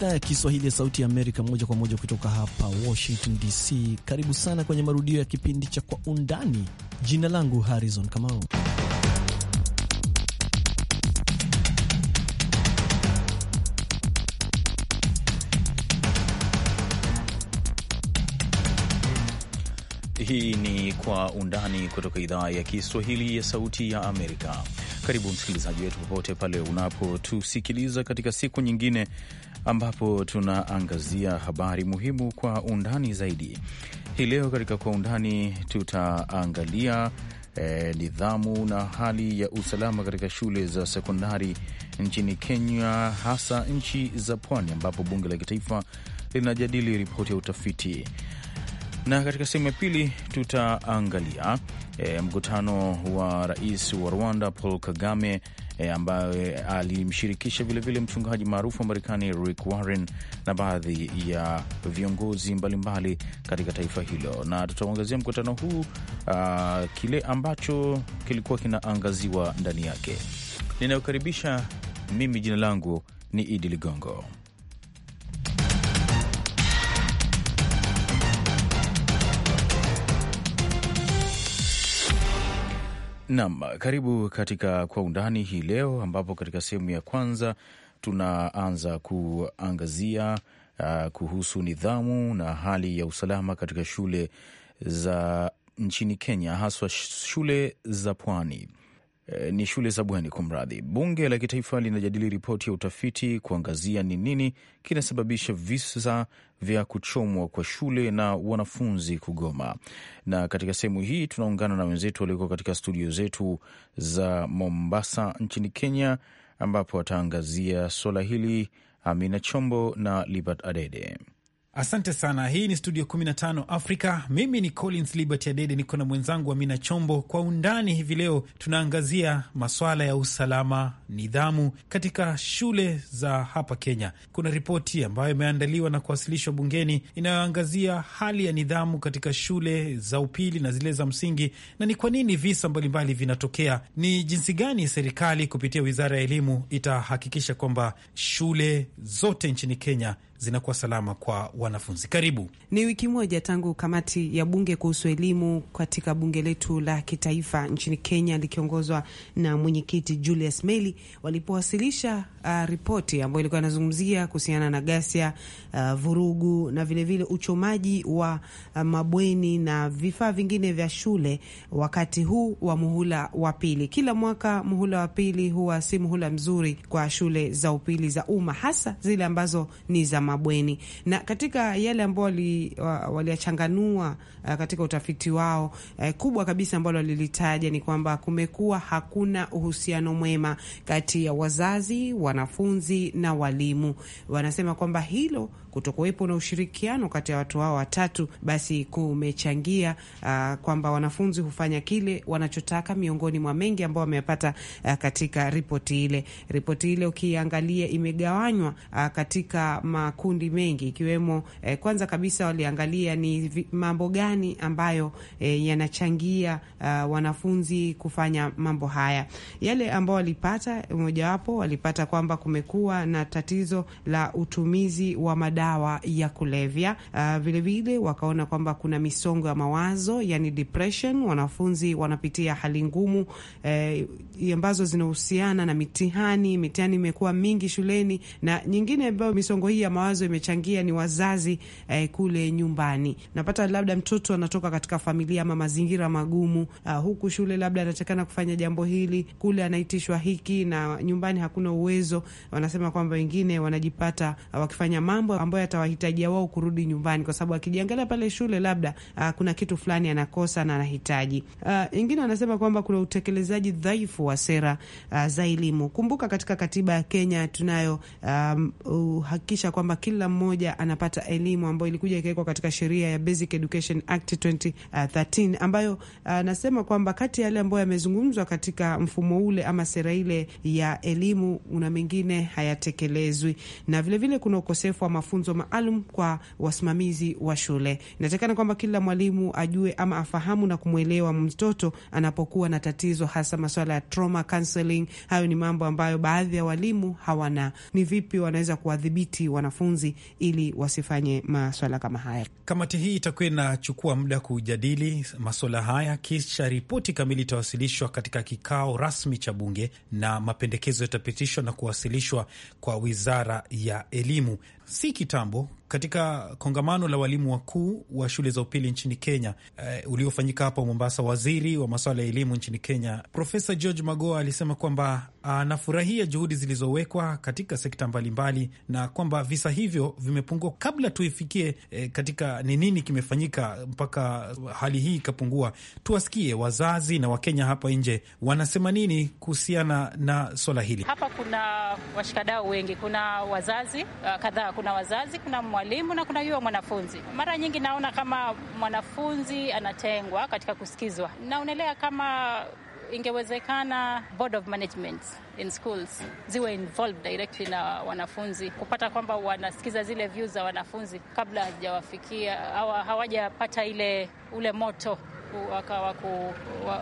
idhaa ya Kiswahili ya Sauti ya Amerika, moja kwa moja kutoka hapa Washington DC. Karibu sana kwenye marudio ya kipindi cha Kwa Undani. Jina langu Harrison Kamau. Hii ni Kwa Undani kutoka idhaa ya Kiswahili ya Sauti ya Amerika. Karibu msikilizaji wetu popote pale unapotusikiliza katika siku nyingine ambapo tunaangazia habari muhimu kwa undani zaidi. Hii leo katika kwa undani tutaangalia E, nidhamu na hali ya usalama katika shule za sekondari nchini Kenya, hasa nchi za pwani, ambapo bunge la kitaifa linajadili ripoti ya utafiti. Na katika sehemu ya pili tutaangalia e, mkutano wa rais wa Rwanda Paul Kagame e, ambaye alimshirikisha vilevile mchungaji maarufu wa Marekani Rick Warren na baadhi ya viongozi mbalimbali katika taifa hilo, na tutauangazia mkutano huu uh, kile ambacho kilikuwa kinaangaziwa ndani yake. Ninayokaribisha mimi, jina langu ni Idi Ligongo. Naam, karibu katika Kwa Undani hii leo, ambapo katika sehemu ya kwanza tunaanza kuangazia uh, kuhusu nidhamu na hali ya usalama katika shule za nchini Kenya, haswa shule za pwani. Eh, ni shule za bweni. Kumradhi, bunge la kitaifa linajadili ripoti ya utafiti kuangazia ni nini kinasababisha visa vya kuchomwa kwa shule na wanafunzi kugoma. Na katika sehemu hii tunaungana na wenzetu walioko katika studio zetu za Mombasa nchini Kenya, ambapo wataangazia suala hili. Amina Chombo na Libert Adede. Asante sana. Hii ni Studio 15 Afrika. Mimi ni Collins Liberty Adede, niko na mwenzangu Amina Chombo. Kwa undani hivi leo tunaangazia maswala ya usalama, nidhamu katika shule za hapa Kenya. Kuna ripoti ambayo imeandaliwa na kuwasilishwa bungeni inayoangazia hali ya nidhamu katika shule za upili na zile za msingi, na ni kwa nini visa mbalimbali vinatokea, ni jinsi gani serikali kupitia wizara ya elimu itahakikisha kwamba shule zote nchini Kenya zinakuwa salama kwa wanafunzi. Karibu. Ni wiki moja tangu kamati ya bunge kuhusu elimu katika bunge letu la kitaifa nchini Kenya likiongozwa na mwenyekiti Julius Meli walipowasilisha uh, ripoti ambayo ilikuwa inazungumzia kuhusiana na ghasia uh, vurugu na vilevile vile uchomaji wa uh, mabweni na vifaa vingine vya shule wakati huu wa muhula wa pili. Kila mwaka muhula wa pili huwa si muhula mzuri kwa shule za upili za umma, hasa zile ambazo ni za mabweni. Na katika yale ambao waliyachanganua uh, katika utafiti wao, uh, kubwa kabisa ambalo walilitaja ni kwamba kumekuwa hakuna uhusiano mwema kati ya wazazi, wanafunzi na walimu. Wanasema kwamba hilo kutokuwepo na ushirikiano kati ya watu hao watatu, basi kumechangia uh, kwamba wanafunzi hufanya kile wanachotaka, miongoni mwa mengi ambao wamepata uh, ah, katika ripoti ile. Ripoti ile ukiangalia imegawanywa uh, katika makundi mengi ikiwemo, uh, kwanza kabisa waliangalia ni mambo gani ambayo uh, yanachangia uh, wanafunzi kufanya mambo haya. Yale ambao walipata, mojawapo walipata kwamba kumekuwa na tatizo la utumizi wa madawa madawa ya kulevya. Ah, vilevile vile, wakaona kwamba kuna misongo ya mawazo yani depression, wanafunzi wanapitia hali ngumu eh, ambazo zinahusiana na mitihani. Mitihani imekuwa mingi shuleni, na nyingine ambayo misongo hii ya mawazo imechangia ni wazazi eh, kule nyumbani, napata labda mtoto anatoka katika familia ama mazingira magumu uh, huku shule labda anatakana kufanya jambo hili, kule anaitishwa hiki, na nyumbani hakuna uwezo. Wanasema kwamba wengine wanajipata wakifanya mambo ambayo yatawahitajia wao kurudi nyumbani, kwa sababu akijiangalia pale shule labda uh, kuna kitu fulani anakosa na anahitaji. Uh, Ingine wanasema kwamba kuna utekelezaji dhaifu wa sera uh, za elimu. Kumbuka katika katiba ya Kenya tunayo um, uhakikisha kwamba kila mmoja anapata elimu ambayo ilikuja ikawekwa katika sheria ya Basic Education Act 2013 ambayo anasema uh, kwamba kati ya yale ambayo yamezungumzwa katika mfumo ule ama sera ile ya elimu, una mengine hayatekelezwi, na vilevile vile kuna ukosefu wa mafunzo mafunzo maalum kwa wasimamizi wa shule. Inatakana kwamba kila mwalimu ajue ama afahamu na kumwelewa mtoto anapokuwa na tatizo, hasa maswala ya trauma counseling. Hayo ni mambo ambayo baadhi ya walimu hawana. Ni vipi wanaweza kuwadhibiti wanafunzi ili wasifanye maswala kama haya? Kamati hii itakuwa inachukua muda kujadili maswala haya, kisha ripoti kamili itawasilishwa katika kikao rasmi cha bunge na mapendekezo yatapitishwa na kuwasilishwa kwa wizara ya elimu si kitambo katika kongamano la walimu wakuu wa shule za upili nchini Kenya uh, uliofanyika hapa Mombasa, waziri wa masuala ya elimu nchini Kenya Profesa George Magoa alisema kwamba anafurahia ah, juhudi zilizowekwa katika sekta mbalimbali mbali, na kwamba visa hivyo vimepungua kabla tuifikie e, katika ni nini kimefanyika mpaka hali hii ikapungua. Tuwasikie wazazi na Wakenya hapa nje wanasema nini kuhusiana na swala hili. Hapa kuna washikadau wengi, kuna wazazi uh, kadhaa, kuna wazazi, kuna mwalimu na kuna yule mwanafunzi. Mara nyingi naona kama mwanafunzi anatengwa katika kusikizwa, naonelea kama ingewezekana board of management in schools ziwe involved directly na wanafunzi, kupata kwamba wanasikiza zile views za wanafunzi kabla hajawafikia hawajapata ile ule moto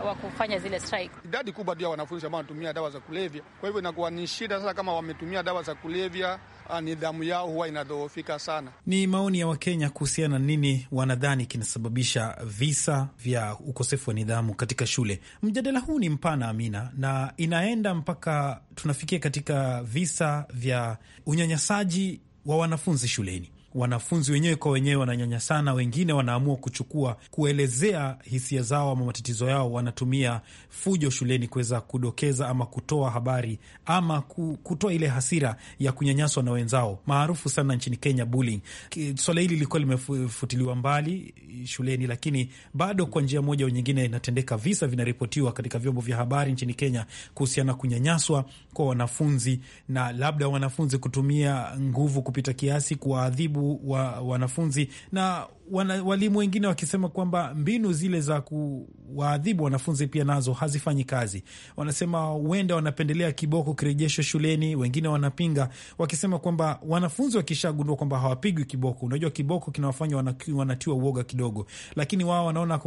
wa kufanya zile strike. Idadi kubwa tu ya wanafunzi ambao wanatumia dawa za kulevya, kwa hivyo inakuwa ni shida sasa kama wametumia dawa za kulevya Ah, nidhamu yao huwa inadhoofika sana. Ni maoni ya Wakenya kuhusiana nini wanadhani kinasababisha visa vya ukosefu wa nidhamu katika shule. Mjadala huu ni mpana, Amina, na inaenda mpaka tunafikia katika visa vya unyanyasaji wa wanafunzi shuleni wanafunzi wenyewe kwa wenyewe wananyanyasana, wengine wanaamua kuchukua kuelezea hisia zao ama matatizo yao, wanatumia fujo shuleni kuweza kudokeza ama kutoa habari ama kutoa ile hasira ya kunyanyaswa na wenzao, maarufu sana nchini Kenya bullying. Swala hili lilikuwa limefutiliwa mbali shuleni, lakini bado kwa njia moja au nyingine inatendeka. Visa vinaripotiwa katika vyombo vya habari nchini Kenya kuhusiana kunyanyaswa kwa wanafunzi na labda wanafunzi kutumia nguvu kupita kiasi kuwaadhibu wa wanafunzi na wana, walimu wengine wakisema kwamba mbinu zile za kuwaadhibu wanafunzi pia nazo hazifanyi kazi. Wanasema huenda wanapendelea kiboko kirejeshwe shuleni. Wengine wanapinga wakisema kwamba wanafunzi wakishagundua kwamba hawapigwi kiboko, unajua kiboko kinawafanya wanatiwa uoga kidogo, lakini wao wanaona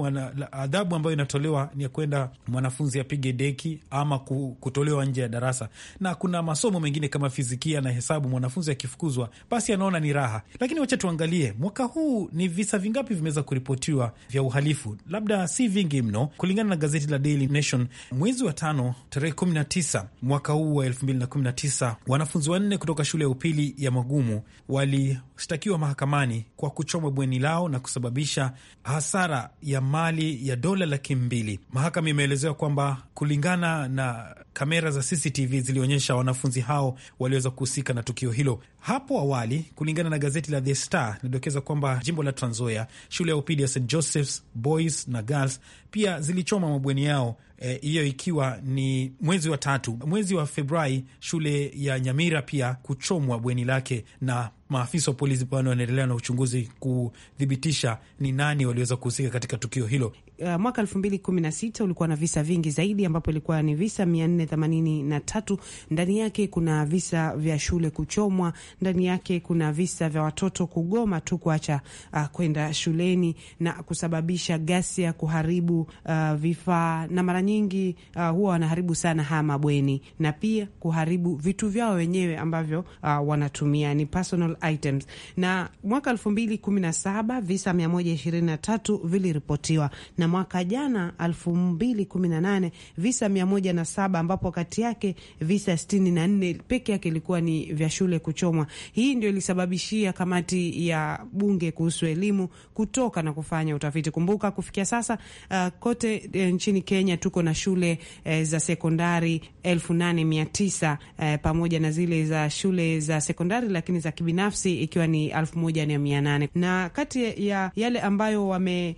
adhabu ambayo inatolewa ni kwenda mwanafunzi apige deki ama kutolewa nje ya darasa, na kuna masomo mengine kama fizikia na hesabu, mwanafunzi akifukuzwa basi anaona ni raha. Lakini wacha tuangalie mwaka huu ni visa visa vingapi vimeweza kuripotiwa vya uhalifu? Labda si vingi mno, kulingana na gazeti la Daily Nation. Mwezi wa tano tarehe 19 mwaka huu wa 2019, wanafunzi wanne kutoka shule ya upili ya Magumu walishtakiwa mahakamani kwa kuchoma bweni lao na kusababisha hasara ya mali ya dola laki mbili. Mahakama imeelezewa kwamba kulingana na kamera za CCTV zilionyesha wanafunzi hao waliweza kuhusika na tukio hilo. Hapo awali, kulingana na gazeti la The Star, inadokeza kwamba jimbo la Trans Nzoia, shule ya upili ya St Joseph's Boys na Girls pia zilichoma mabweni yao eh, hiyo e, ikiwa ni mwezi wa tatu. Mwezi wa Februari, shule ya Nyamira pia kuchomwa bweni lake na Maafisa wa polisi bado wanaendelea na uchunguzi kuthibitisha ni nani waliweza kuhusika katika tukio hilo. Uh, mwaka elfu mbili kumi na sita ulikuwa na visa vingi zaidi, ambapo ilikuwa ni visa mia nne themanini na tatu. Ndani yake kuna visa vya shule kuchomwa, ndani yake kuna visa vya watoto kugoma tu kuacha uh, kwenda shuleni na kusababisha ghasia, kuharibu uh, vifaa na mara nyingi uh, huwa wanaharibu sana haya mabweni na pia kuharibu vitu vyao wenyewe ambavyo uh, wanatumia ni personal items, na mwaka 2017 visa 123 viliripotiwa, na mwaka jana 2018 visa 107, ambapo kati yake visa 64 peke yake ilikuwa ni vya shule kuchomwa. Hii ndio ilisababishia kamati ya bunge kuhusu elimu kutoka na kufanya utafiti. Kumbuka kufikia sasa uh, kote uh, nchini Kenya tuko na shule uh, za sekondari 8900 uh, eh, pamoja na zile za shule za sekondari lakini za kibinafsi binafsi ikiwa ni elfu moja na mia nane na kati ya yale ambayo wame,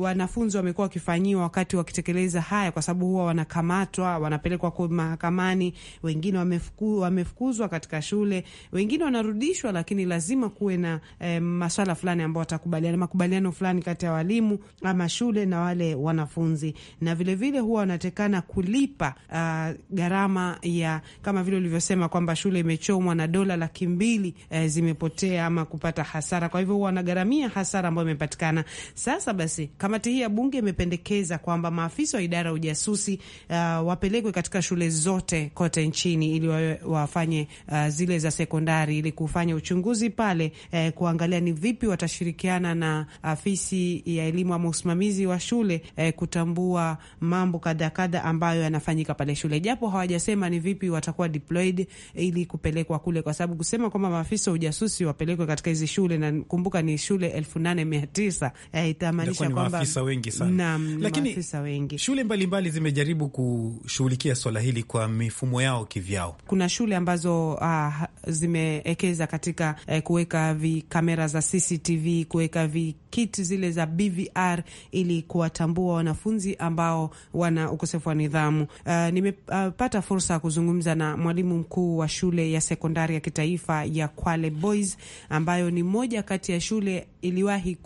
wanafunzi wamekuwa wakifanyiwa wakati wakitekeleza haya, kwa sababu huwa wanakamatwa, wanapelekwa kwa mahakamani, wengine wamefuku, wamefukuzwa katika shule, wengine wanarudishwa, lakini lazima kuwe na eh, maswala fulani ambao watakubaliana, makubaliano fulani kati ya walimu ama shule na wale wanafunzi, na vilevile vile huwa wanatekana kulipa uh, gharama ya kama vile ulivyosema kwamba shule imechomwa na dola laki mbili eh, zimepotea ama kupata hasara, kwa hivyo wanagharamia hasara ambayo imepatikana. Sasa basi, kamati hii ya bunge imependekeza kwamba maafisa wa idara ya ujasusi uh, wapelekwe katika shule zote kote nchini ili wafanye uh, zile za sekondari ili kufanya uchunguzi pale eh, kuangalia ni vipi watashirikiana na afisi ya elimu ama usimamizi wa shule eh, kutambua mambo kadha kadha ambayo yanafanyika pale shule, japo hawajasema ni vipi watakuwa deployed ili kupelekwa kule, kwa sababu kusema kwamba maafisa ujasusi wapelekwe katika hizi shule, na kumbuka ni shule elfu nane mia tisa eh, itamaanisha kwamba maafisa wengi sana, lakini maafisa wengi. Shule mbalimbali mbali zimejaribu kushughulikia swala hili kwa mifumo yao kivyao. Kuna shule ambazo ah, zimeekeza katika eh, kuweka vikamera za CCTV, kuweka vi kit zile za BVR ili kuwatambua wanafunzi ambao wana ukosefu wa nidhamu. Uh, nimepata uh, fursa ya kuzungumza na mwalimu mkuu wa shule ya sekondari ya kitaifa ya Kwale Boys ambayo ni moja kati ya shule iliwahi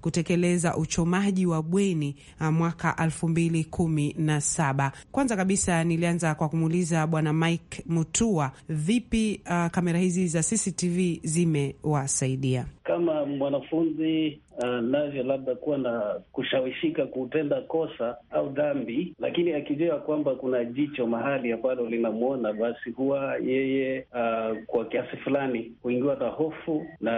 kutekeleza uchomaji wa bweni uh, mwaka elfu mbili kumi na saba. Kwanza kabisa nilianza kwa kumuuliza Bwana Mike Mutua, vipi uh, kamera hizi za CCTV zimewasaidia kama mwanafunzi anavyo uh, navyo labda kuwa na kushawishika kutenda kosa au dhambi, lakini akijua kwamba kuna jicho mahali ambalo linamwona, basi huwa yeye uh, kwa kiasi fulani huingiwa na hofu na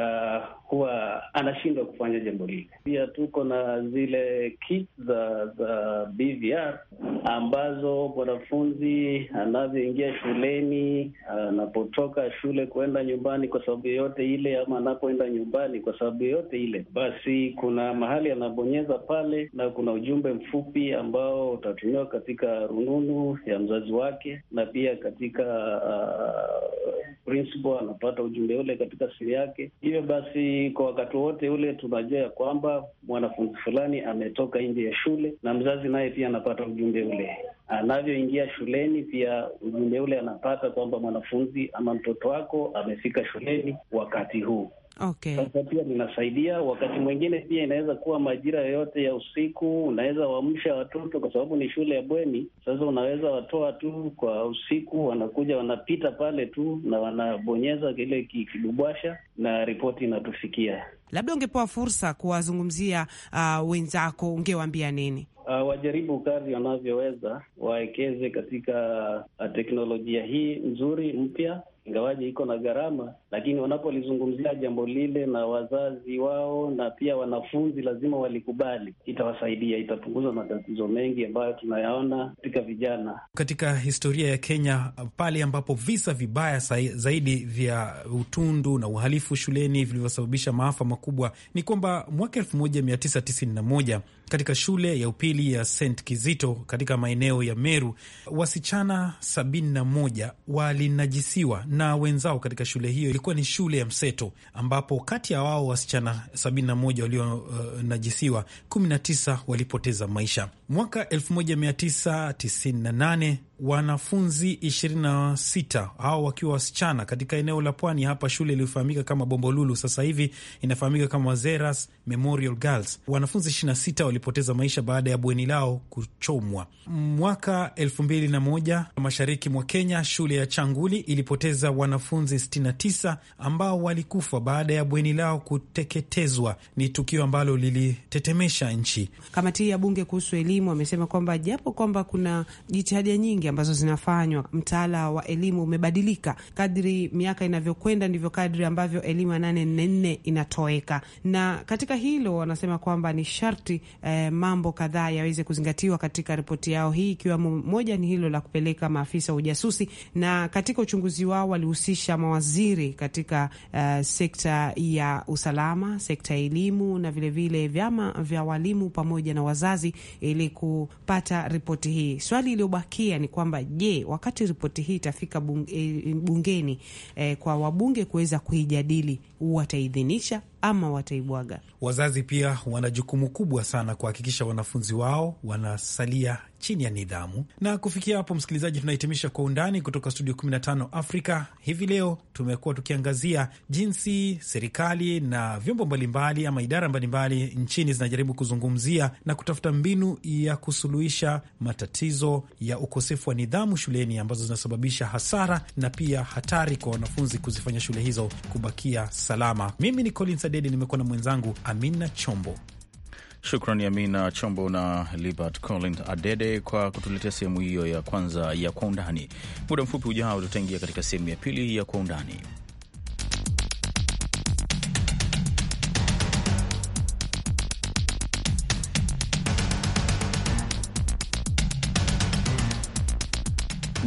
huwa anashi wanashindwa kufanya jambo lile. Pia tuko na zile kit za za BVR ambazo mwanafunzi anavyoingia shuleni, anapotoka shule kuenda nyumbani kwa sababu yoyote ile, ama anapoenda nyumbani kwa sababu yoyote ile, basi kuna mahali anabonyeza pale na kuna ujumbe mfupi ambao utatumiwa katika rununu ya mzazi wake, na pia katika uh, principal anapata ujumbe ule katika simu yake. Hivyo basi kwa wakati wote shule tunajua ya kwamba mwanafunzi fulani ametoka nje ya shule, na mzazi naye pia anapata ujumbe ule anavyoingia shuleni, pia ujumbe ule anapata kwamba mwanafunzi ama mtoto wako amefika shuleni wakati huu. Okay. Sasa pia linasaidia. Wakati mwingine pia inaweza kuwa majira yoyote ya usiku, unaweza waamsha watoto kwa sababu ni shule ya bweni. Sasa unaweza watoa tu kwa usiku, wanakuja wanapita pale tu na wanabonyeza kile kidubwasha na ripoti inatufikia labda ungepewa fursa kuwazungumzia uh, wenzako, ungewaambia nini? Uh, wajaribu kazi wanavyoweza, waekeze katika uh, teknolojia hii nzuri mpya ingawaje iko na gharama, lakini wanapolizungumzia jambo lile na wazazi wao na pia wanafunzi lazima walikubali, itawasaidia, itapunguza matatizo mengi ambayo tunayaona katika vijana. Katika historia ya Kenya, pale ambapo visa vibaya zaidi vya utundu na uhalifu shuleni vilivyosababisha maafa makubwa ni kwamba mwaka moja katika shule ya upili ya St Kizito katika maeneo ya Meru, wasichana 71 walinajisiwa na wenzao katika shule hiyo. Ilikuwa ni shule ya mseto, ambapo kati ya wao wasichana 71 walionajisiwa, uh, 19 walipoteza maisha. Mwaka 1998 wanafunzi 26 hao wakiwa wasichana katika eneo la pwani hapa, shule iliyofahamika kama Bombolulu, sasa hivi inafahamika kama Zeras Memorial Girls. Wanafunzi 26 walipoteza maisha baada ya bweni lao kuchomwa mwaka 2001. Mashariki mwa Kenya, shule ya Changuli ilipoteza wanafunzi 69 ambao walikufa baada ya bweni lao kuteketezwa. Ni tukio ambalo lilitetemesha nchi. Kamati ya bunge kuhusu elimu wamesema kwamba japo kwamba kuna jitihada nyingi ambazo zinafanywa. Mtaala wa elimu umebadilika kadri miaka inavyokwenda, ndivyo kadri ambavyo elimu ya nane nne nne inatoweka, na katika hilo wanasema kwamba ni sharti eh, mambo kadhaa yaweze kuzingatiwa katika ripoti yao hii, ikiwa moja ni hilo la kupeleka maafisa wa ujasusi, na katika uchunguzi wao walihusisha mawaziri katika eh, sekta ya usalama, sekta ya elimu na vilevile vile vyama vya walimu pamoja na wazazi ili kupata ripoti hii. Swali iliyobakia ni kwamba je, wakati ripoti hii itafika bungeni, eh, bungeni eh, kwa wabunge kuweza kuijadili, wataidhinisha ama wataibwaga. Wazazi pia wana jukumu kubwa sana kuhakikisha wanafunzi wao wanasalia chini ya nidhamu. Na kufikia hapo, msikilizaji, tunahitimisha Kwa Undani kutoka Studio 15 Afrika. Hivi leo tumekuwa tukiangazia jinsi serikali na vyombo mbalimbali ama idara mbalimbali nchini zinajaribu kuzungumzia na kutafuta mbinu ya kusuluhisha matatizo ya ukosefu wa nidhamu shuleni ambazo zinasababisha hasara na pia hatari kwa wanafunzi kuzifanya shule hizo kubakia salama. Mimi ni Colin Liberta Dede, nimekuwa na mwenzangu Amina Chombo. Shukrani Amina Chombo na Libert Colin Adede kwa kutuletea sehemu hiyo ya kwanza ya Kwa Undani. Muda mfupi ujao tutaingia katika sehemu ya pili ya Kwa Undani.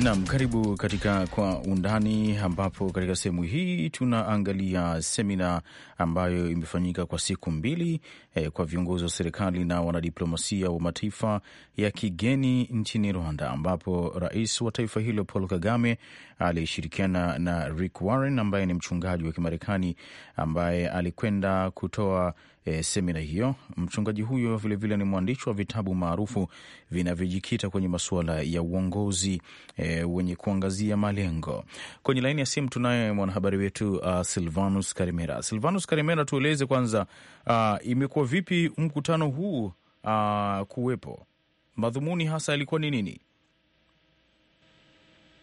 Nam, karibu katika Kwa Undani, ambapo katika sehemu hii tunaangalia semina ambayo imefanyika kwa siku mbili eh, kwa viongozi wa serikali na wanadiplomasia wa mataifa ya kigeni nchini Rwanda, ambapo rais wa taifa hilo Paul Kagame alishirikiana na Rick Warren ambaye ni mchungaji wa Kimarekani ambaye alikwenda kutoa e, eh, semina hiyo. Mchungaji huyo vilevile vile ni mwandishi wa vitabu maarufu vinavyojikita kwenye masuala ya uongozi e, wenye kuangazia malengo. Kwenye laini ya simu tunaye mwanahabari wetu uh, Silvanus Karimera. Silvanus Karimera, tueleze kwanza, uh, imekuwa vipi mkutano huu uh, kuwepo, madhumuni hasa yalikuwa ni nini?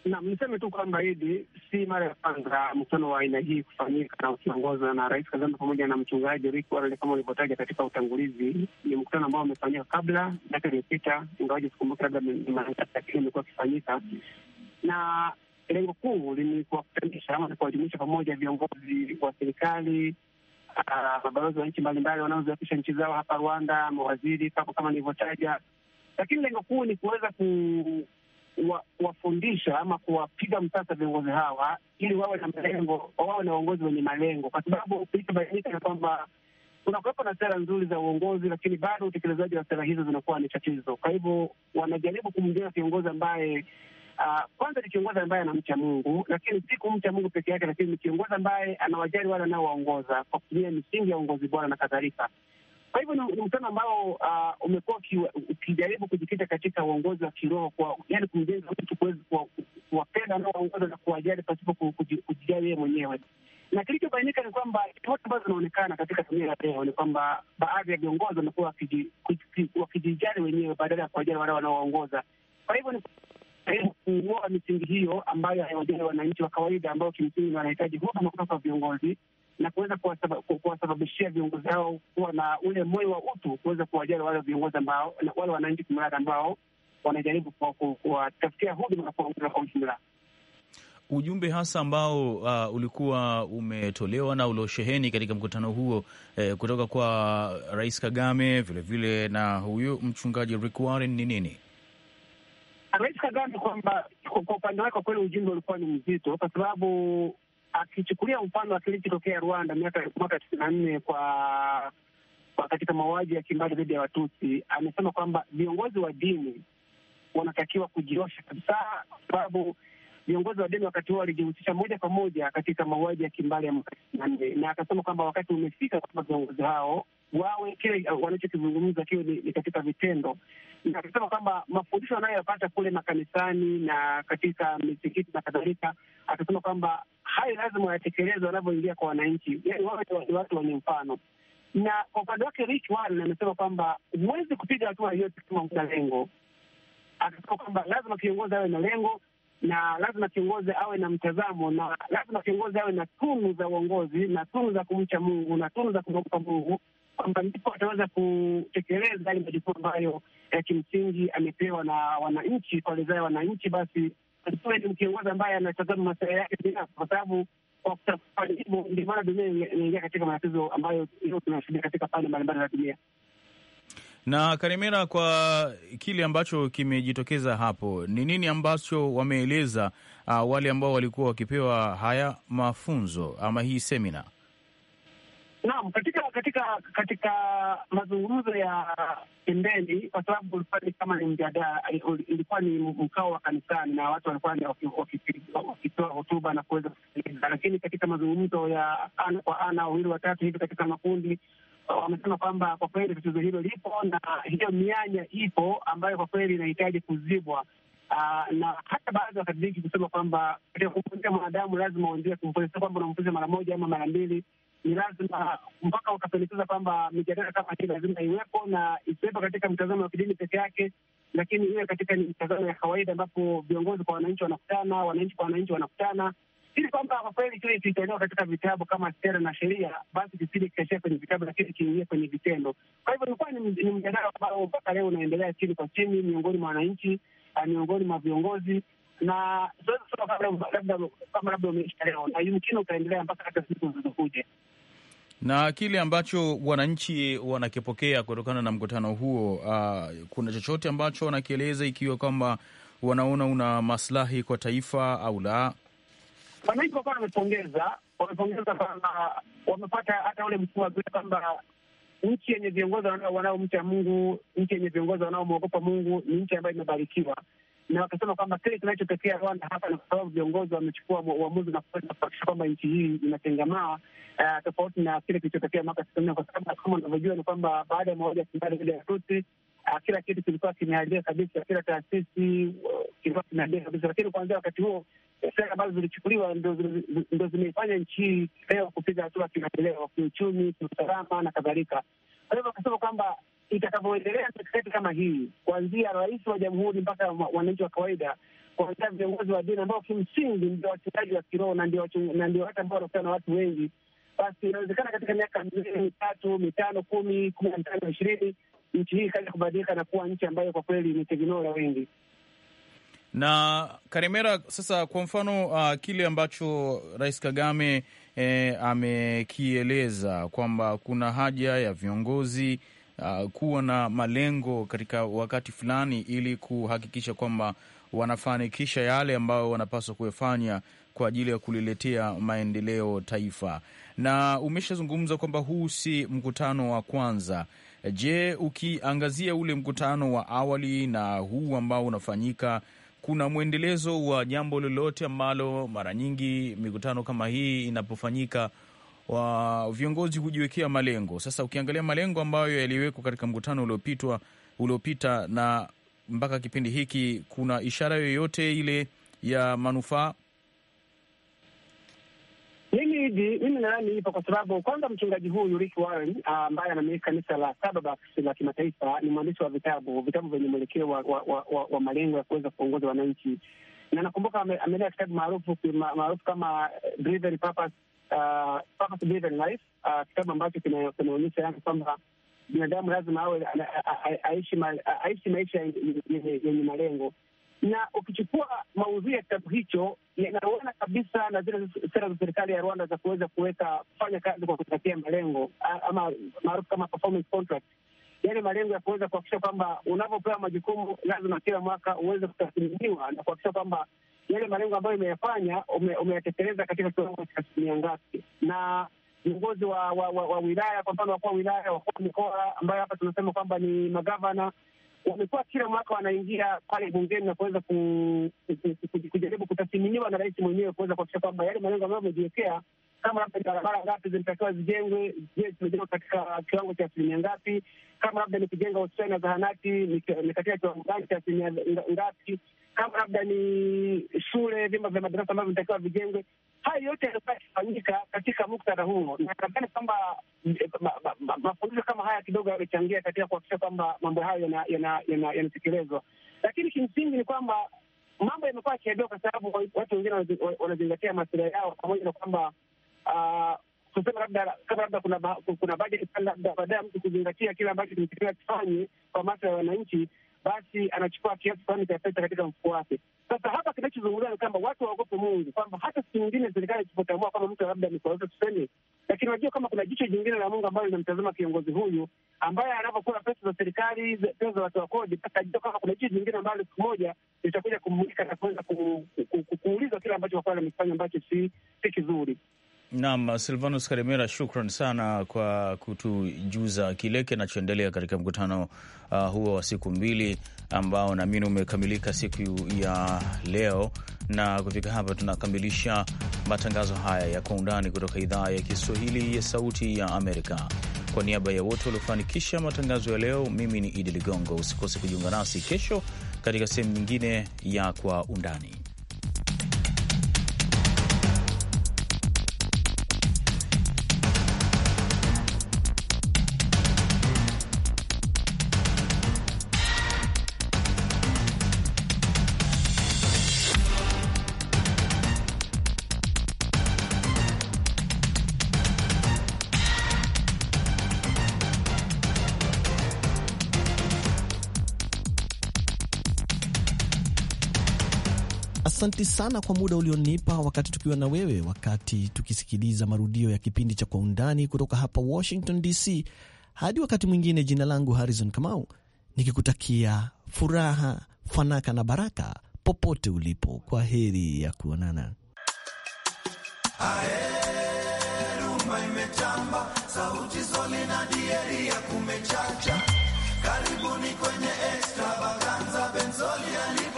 na niseme tu kwamba hili si mara ya kwanza mkutano wa aina hii kufanyika na ukiongozwa na Rais Kazamba pamoja na mchungaji Rick Warren kama ulivyotaja katika utangulizi. Ni mkutano ambao umefanyika kabla miaka iliyopita, ingawaji sikumbuki labda ni mara ngapi, lakini na lengo kuu ni kuwakutanisha ama kuwajumuisha pamoja viongozi wa serikali, ah, mabalozi wa nchi mbalimbali wanaoziwakilisha nchi zao hapa Rwanda, mawaziri kama nilivyotaja, lakini lengo kuu ni kuweza ku kuwafundisha wa ama kuwapiga msasa viongozi hawa ili wawe na malengo, wawe na uongozi wenye malengo, kwa sababu kilichobainika ni kwamba kunakuwepo na sera nzuri za uongozi, lakini bado utekelezaji wa sera hizo zinakuwa ni tatizo. Kwa hivyo wanajaribu kumjenga kiongozi ambaye Uh, kwanza ni kiongozi ambaye anamcha Mungu, lakini si kumcha Mungu peke yake, lakini ni kiongozi ambaye anawajali wale anaowaongoza kwa kutumia misingi ya uongozi bora na kadhalika. Kwa hivyo ni mkutano ambao uh, umekuwa ukijaribu kujikita katika uongozi wa kiroho, yani kumjenga mtu kuweza kuwapenda wanaoongoza na kuwajali pasipo kujijali yeye mwenyewe. Na kilichobainika ni kwamba changamoto ambazo zinaonekana katika dunia ya leo ni kwamba baadhi ya viongozi wamekuwa wakijijali wenyewe badala ya kuwajali wale wanaoongoza. Kwa hivyo ni kuua misingi hiyo ambayo haiwajali wananchi wa kawaida ambao kimsingi wanahitaji huduma kutoka viongozi na kuweza kuwasababishia viongozi hao kuwa na ule moyo wa utu kuweza kuwajali wale viongozi ambao wale wananchi kimradi ambao wanajaribu kuwatafutia huduma na kuwaongeza kwa ujumla. Ujumbe hasa ambao uh, ulikuwa umetolewa na uliosheheni katika mkutano huo eh, kutoka kwa Rais Kagame vilevile vile na huyu mchungaji Rick Warren ni nini? Rais Kagame kwamba kwa upande wake kwa kweli ujumbe ulikuwa ni mzito, kwa sababu akichukulia mfano wa kilichotokea Rwanda mwaka tisini na nne kwa katika mauaji ya kimbali dhidi ya Watusi, amesema kwamba viongozi wa dini wanatakiwa kujiosha kabisa, kwa sababu viongozi wa dini wakati huo walijihusisha moja kwa moja katika mauaji ya kimbali ya mwaka tisini na nne, na akasema kwamba wakati umefika kwamba viongozi hao wawe kile eh, wanachokizungumza kiwe ni, ni katika vitendo. Nikasema kwamba mafundisho anayoyapata kule makanisani na katika misikiti na kadhalika, akasema kwamba hayo lazima wayatekeleze wanavyoingia kwa wananchi, yani wawe ni watu wenye mfano. Na kwa upande wake Rick Warren amesema kwamba huwezi kupiga hatua yoyote kama huna lengo. Akasema kwamba lazima kiongozi awe na lengo na lazima kiongozi awe na mtazamo na lazima kiongozi awe na tunu za uongozi na tunu za kumcha Mungu na tunu za kumwogopa Mungu kwamba ndipo ataweza kutekeleza yale majukumu ambayo ya eh, kimsingi amepewa na wananchi, kwa ridhaa ya wananchi, basi asiwe ni mkiongozi ambaye anatazama maslahi yake binafsi, kwa sababu kwa kutafanya hivyo ndio maana dunia imeingia katika matatizo ambayo leo tunashuhudia katika pande mbalimbali za dunia na karimera kwa kile ambacho kimejitokeza hapo, ni nini ambacho wameeleza uh, wale ambao walikuwa wakipewa haya mafunzo ama hii semina? Naam, katika katika katika mazungumzo ya pembeni, kwa sababu ulikuwa ni kama ni mjadala, ilikuwa ni mkao wa kanisani na watu walikuwa wakitoa hotuba na kuweza kusikiliza, lakini katika mazungumzo ya ana kwa ana wawili watatu hivi katika makundi wamesema kwamba kwa kweli tatizo hilo lipo na hiyo mianya ipo ambayo kwa kweli inahitaji kuzibwa. Ah, na hata baadhi ya wakatoliki kusema kwamba katika mwanadamu lazima uendelee kumfunza, sio kwamba unamfunza mara moja ama mara mbili, ni lazima mpaka wakapendekeza kwamba mijadala kama hii lazima iwepo na isiwepo katika mtazamo wa kidini peke yake, lakini iwe katika ni mtazamo ya kawaida ambapo viongozi kwa wananchi wanakutana, wananchi kwa wananchi wanakutana, ili kwamba kwa kweli kile kilichoelewa katika vitabu kama sera na sheria, basi kisije kikaishia kwenye vitabu, lakini kiingie kwenye vitendo. Kwa hivyo imekuwa ni mjadala ambao mpaka leo unaendelea chini kwa chini, miongoni mwa wananchi, ah, miongoni mwa viongozi na zoezi kama labda umeisha leo na yumkini utaendelea mpaka hata siku zilizokuja na kile ambacho wananchi wanakipokea kutokana na mkutano huo, uh, kuna chochote ambacho wanakieleza ikiwa kwamba wanaona una maslahi kwa taifa au la? Wananchi wakuwa wamepongeza, wamepongeza kwamba wamepata hata ule mkuu kwamba nchi yenye viongozi wanaomcha Mungu, nchi yenye viongozi wanaomwogopa Mungu ni nchi ambayo imebarikiwa na wakasema kwamba kile kinachotokea Rwanda hapa na kwa sababu viongozi wamechukua uamuzi na kuweza kuhakikisha kwamba nchi hii inatengamaa uh, tofauti na kile kilichotokea mwaka sitini na nne, kwa sababu kama unavyojua ni kwamba baada ya mauaji ya kimbari ile ya Tutsi eh, kila kitu kilikuwa kimeharibika kabisa, kila taasisi eh, kilikuwa kimeharibika kabisa. Lakini kuanzia wakati huo sera ambazo zilichukuliwa ndo zimeifanya nchi hii leo kupiga hatua kimaendeleo, kiuchumi, kiusalama na kadhalika. Kwa hivyo wakasema kwamba itakavyoendelea sekreti kama hii, kuanzia rais wa jamhuri mpaka wananchi wa kawaida, kuanzia viongozi wa dini ambao kimsingi ndio wachungaji wa kiroho na ndio watu ambao wanakutana na watu wengi, basi inawezekana katika miaka miwili mitatu mitano kumi kumi na mitano ishirini nchi hii ikaja kubadilika na kuwa nchi ambayo kwa kweli ni tegemeo la wengi na Karemera, sasa kwa mfano uh, kile ambacho Rais Kagame eh, amekieleza kwamba kuna haja ya viongozi uh, kuwa na malengo katika wakati fulani, ili kuhakikisha kwamba wanafanikisha yale ambayo wanapaswa kuyafanya kwa ajili ya kuliletea maendeleo taifa. Na umeshazungumza kwamba huu si mkutano wa kwanza. Je, ukiangazia ule mkutano wa awali na huu ambao unafanyika, kuna mwendelezo wa jambo lolote ambalo mara nyingi mikutano kama hii inapofanyika wa viongozi hujiwekea malengo. Sasa ukiangalia malengo ambayo yaliwekwa katika mkutano uliopitwa uliopita na mpaka kipindi hiki, kuna ishara yoyote ile ya manufaa? Mimi hivi mimi nadhani ipo, kwa sababu kwanza mchungaji huyu Rick Warren ah, ambaye anamiliki kanisa la Sababax la kimataifa ni mwandishi wa vitabu vitabu vyenye mwelekeo wa, wa, wa, wa, wa malengo ya kuweza kuongoza wananchi, na nakumbuka amelea kitabu maarufu maarufu kama eh, Driven Purpose uh, to life uh, kitabu ambacho kinaonyesha yani kwamba binadamu lazima awe aishi maisha yenye malengo, na ukichukua maudhui ya kitabu hicho yanaona kabisa na zile sera za serikali ya Rwanda za kuweza kuweka kufanya kazi kwa kuzingatia malengo ama maarufu kama performance contract, malengo ya kuweza kuhakikisha kwamba unavyopewa majukumu lazima kila mwaka uweze kutathiminiwa na kuhakikisha kwamba yale malengo ambayo imeyafanya umeyatekeleza katika kiwango cha asilimia ngapi, na viongozi wa, wa, wa, wa wilaya kwa mfano, wakuu wa wilaya, wakuu wa mikoa ambayo hapa tunasema kwamba ni magavana wamekuwa kila mwaka wanaingia pale bungeni na kuweza kujaribu kutathiminiwa na rais mwenyewe kuweza kuakisha kwamba yale malengo ambayo amejiwekea, kama labda ni barabara ngapi zinatakiwa zijengwe, je, zimejengwa katika kiwango cha asilimia ngapi? Kama labda ni kujenga hospitali na zahanati ni katika kiwango gani cha asilimia ngapi? kama labda ni shule, vyumba vya madarasa ambavyo vinatakiwa vijengwe. Haya yote yalikuwa yakifanyika katika muktadha huo, na nadhani kwamba eh, mafundisho kama haya kidogo yamechangia katika kuhakikisha kwamba mambo hayo yanatekelezwa. Lakini kimsingi ni kwamba mambo yamekuwa yakiabiwa kwa sababu watu wengine wanazingatia masira yao, pamoja na kwamba ah, kusema labda kama labda kuna kuna bajeti labda baadaye mtu kuzingatia kile ambacho kimetekelea kifanye kwa maslahi ya wananchi basi anachukua kiasi fulani cha pesa katika mfuko wake. Sasa hapa kinachozungumzia ni kwamba watu waogope Mungu, kwamba hata siku nyingine serikali ikipotambua kama mtu labda amekwarota, tuseme, lakini unajua kama kuna jicho jingine la Mungu ambalo linamtazama kiongozi huyu ambaye anapokula pesa za serikali, pesa za watu wa kodi, kama kuna jicho jingine ambalo siku moja litakuja kumulika na kuweza kuuliza kile ambacho kwa kweli amekifanya ambacho si kizuri. Naam, Silvanus Karemera, shukran sana kwa kutujuza kile kinachoendelea katika mkutano uh, huo wa siku mbili ambao naamini umekamilika siku ya leo, na kufika hapa tunakamilisha matangazo haya ya Kwa Undani kutoka idhaa ya Kiswahili ya Sauti ya Amerika. Kwa niaba ya wote waliofanikisha matangazo ya leo, mimi ni Idi Ligongo. Usikose kujiunga nasi kesho katika sehemu nyingine ya Kwa Undani. asanti sana kwa muda ulionipa wakati tukiwa na wewe, wakati tukisikiliza marudio ya kipindi cha Kwa Undani kutoka hapa Washington DC. Hadi wakati mwingine, jina langu Harrison Kamau, nikikutakia furaha, fanaka na baraka popote ulipo. Kwa heri ya kuonana. imetamba, sauti ya kumechacha, karibuni kwenye extravaganza, benzoli alipo